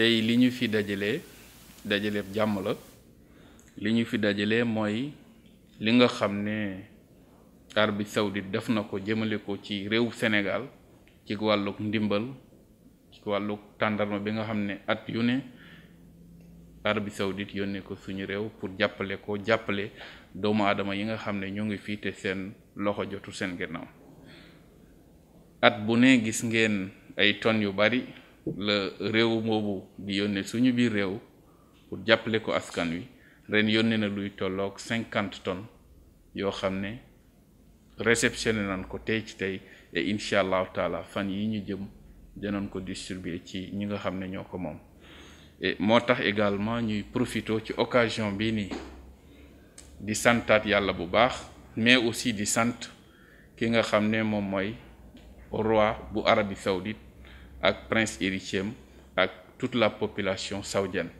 tey li ñu fi dajalee dajaleeb jàmm la li ñu fi dajalee mooy li nga xam ne Arabie Saoudite def na ko jëmale ko ci réew senegal ci wàllug ndimbal ci wàllug tàndarma bi nga xam ne at yu ne Arabie Saoudite yónnee ko suñu réew pour jàppale koo jàppale doomu aadama yi nga xam ne ñoo ngi fii te seen loxo jotu seen ginnaaw at bu ne gis ngeen ay tonnes yu bari la réew moomu di yónnee suñu biir réew pour jàppale ko askan wi ren yónnee na luy tolloog cinquante tonnes yoo xam ne réceptionné nañ ko tey ci tey et incha allahu taala fan yi ñu jëm danañ ko distribuer ci ñi nga xam ne ñoo ko moom moo tax également ñuy profité ci occasion bi nii di santaat yàlla bu baax mais aussi di sant ki nga xam ne moom mooy roi bu Arabie Saoudite ak prince héritier ak toute la population saoudienne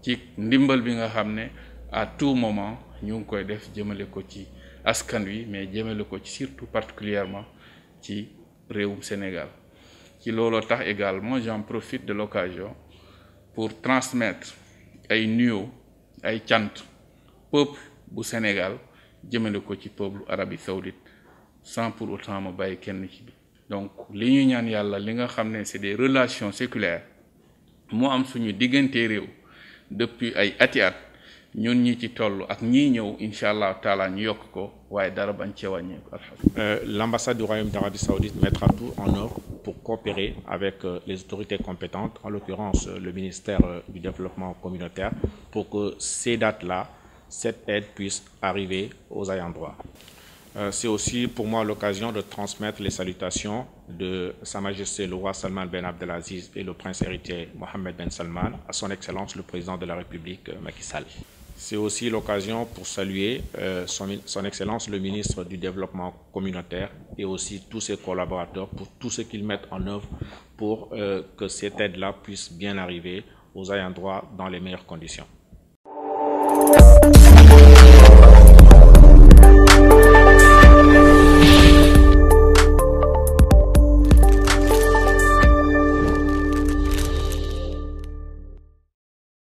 ci ndimbal bi nga xam ne à tout moment ñu ngi koy def jëmale ko ci askan wi mais jëmale ko ci surtout particulièrement ci réewum Sénégal ci looloo tax également j'en profite de l'occasion pour transmettre ay nuyoo ay cant peuple bu Sénégal jëmale ko ci peuple Arabie Saoudite sans pour autant ma bàyyi kenn ci bi donc li ñuy ñaan yàlla li nga xam ne c'est des relations séculaires moo am suñu diggante réew depuis ay ati at ñun ci toll ak ñii ñëw incha allah taala ñu yokk ko waaye dara bañ cee wàññeeku alhamdulilah. Euh, l'ambassade du Royaume d'Arabie Saoudite mettra tout en œuvre pour coopérer avec euh, les autorités compétentes en l'occurrence euh, le ministère du développement communautaire pour que ces dates-là cette aide puisse arriver aux ayants droit. Euh, c'est aussi pour moi l'occasion de transmettre les salutations de Sa Majesté le roi Salman Ben Abdelaziz et le prince héritier Mohammed Ben Salman à son Excellence le président de la République euh, Macky Sall. C'est aussi l'occasion pour saluer euh, son, son Excellence le ministre du Développement communautaire et aussi tous ses collaborateurs pour tout ce qu'ils mettent en œuvre pour euh, que cette aide-là puisse bien arriver aux ayants droit dans les meilleures conditions.